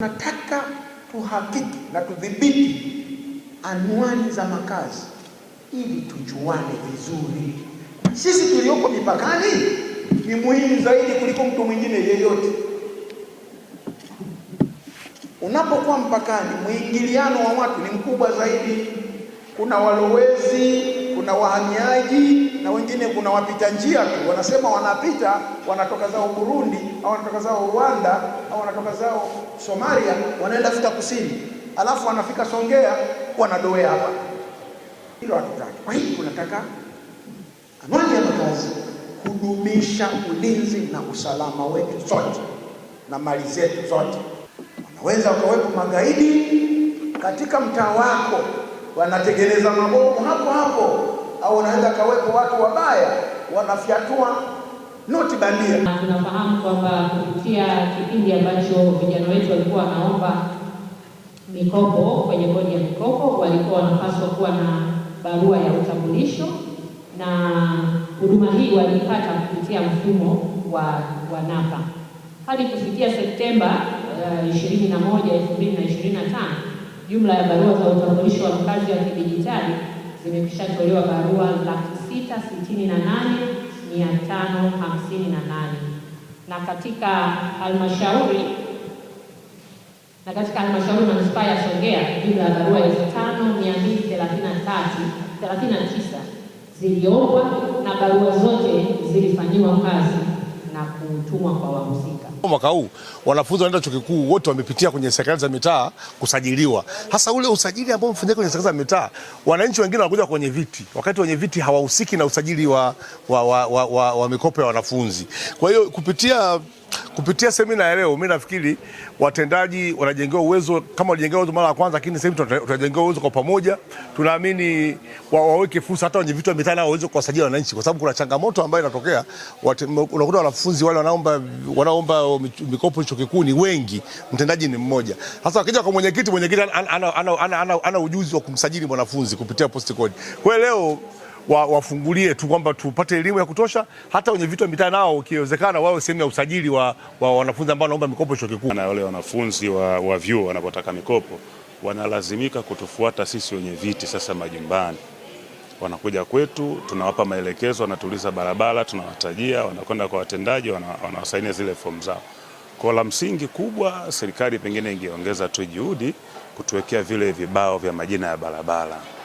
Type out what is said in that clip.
Tunataka tuhakiki na tudhibiti anwani za makazi ili tujuane vizuri. Sisi tulioko mipakani ni muhimu zaidi kuliko mtu mwingine yeyote. Unapokuwa mpakani, mwingiliano wa watu ni mkubwa zaidi. Kuna walowezi kuna wahamiaji na wengine kuna wapita njia tu, wanasema wanapita, wanatoka zao Burundi au wanatoka zao Rwanda au wanatoka zao Somalia, wanaenda Afrika Kusini, alafu wanafika Songea wanadowea hapa. Hilo hatutaki. Kwa hiyo tunataka amani ya makazi, kudumisha ulinzi na usalama wetu sote na mali zetu zote. Wanaweza wakawepo magaidi katika mtaa wako, wanatengeneza mabomu hapo hapo au wanaweza kawepo watu wabaya wanafyatua noti bandia. Tunafahamu kwamba kupitia kipindi ambacho vijana wetu walikuwa wanaomba mikopo kwenye bodi ya mikopo, walikuwa wanapaswa kuwa na barua ya utambulisho, na huduma hii walipata kupitia mfumo wa, wa NAPA hadi kufikia Septemba 21, eh, 2025 jumla ya barua za utambulisho wa mkazi wa kidijitali zimekishatolewa barua laki sita sitini na nane mia tano hamsini na nane na katika halmashauri na katika halmashauri manispaa ya Songea jumla ya barua elfu tano mia mbili thelathini na tatu thelathini na tisa ziliombwa na barua zote zilifanyiwa kazi na kutumwa kwa wahusika. Mwaka huu wanafunzi wanaenda chuo kikuu wote wamepitia kwenye serikali za mitaa kusajiliwa. Hasa ule usajili ambao mfanyika kwenye serikali za mitaa, wananchi wengine wanakuja kwenye viti, wakati wenye viti hawahusiki na usajili wa, wa, wa, wa, wa, wa mikopo ya wanafunzi. Kwa hiyo kupitia kupitia semina ya leo, mimi nafikiri watendaji wanajengewa uwezo kama walijengewa uwezo mara ya kwanza, lakini sasa tutajengewa uwezo kwa pamoja. Tunaamini wa, waweke fursa hata wenye vitu vya mitaani waweze kuwasajili wananchi, kwa sababu kuna changamoto ambayo inatokea. Unakuta wanafunzi wale wanaomba wanaomba mikopo chuo kikuu ni wengi, mtendaji ni mmoja. Sasa wakija kwa mwenyekiti, mwenyekiti ana, ana ujuzi wa kumsajili mwanafunzi kupitia post code. Kwa leo wa, wafungulie tu kwamba tupate elimu ya kutosha, hata wenye vitu vya mitaa nao ukiwezekana wawe sehemu ya usajili wa, wa wanafunzi ambao wanaomba mikopo chuo kikuu. Na wale wanafunzi wa, wa vyuo wanapotaka mikopo wanalazimika kutufuata sisi wenye viti sasa majumbani wanakuja kwetu, tunawapa maelekezo, wanatuliza barabara, tunawatajia, wanakwenda kwa watendaji, wanawasainia zile fomu zao. Kwa la msingi kubwa, serikali pengine ingeongeza tu juhudi kutuwekea vile vibao vya majina ya barabara.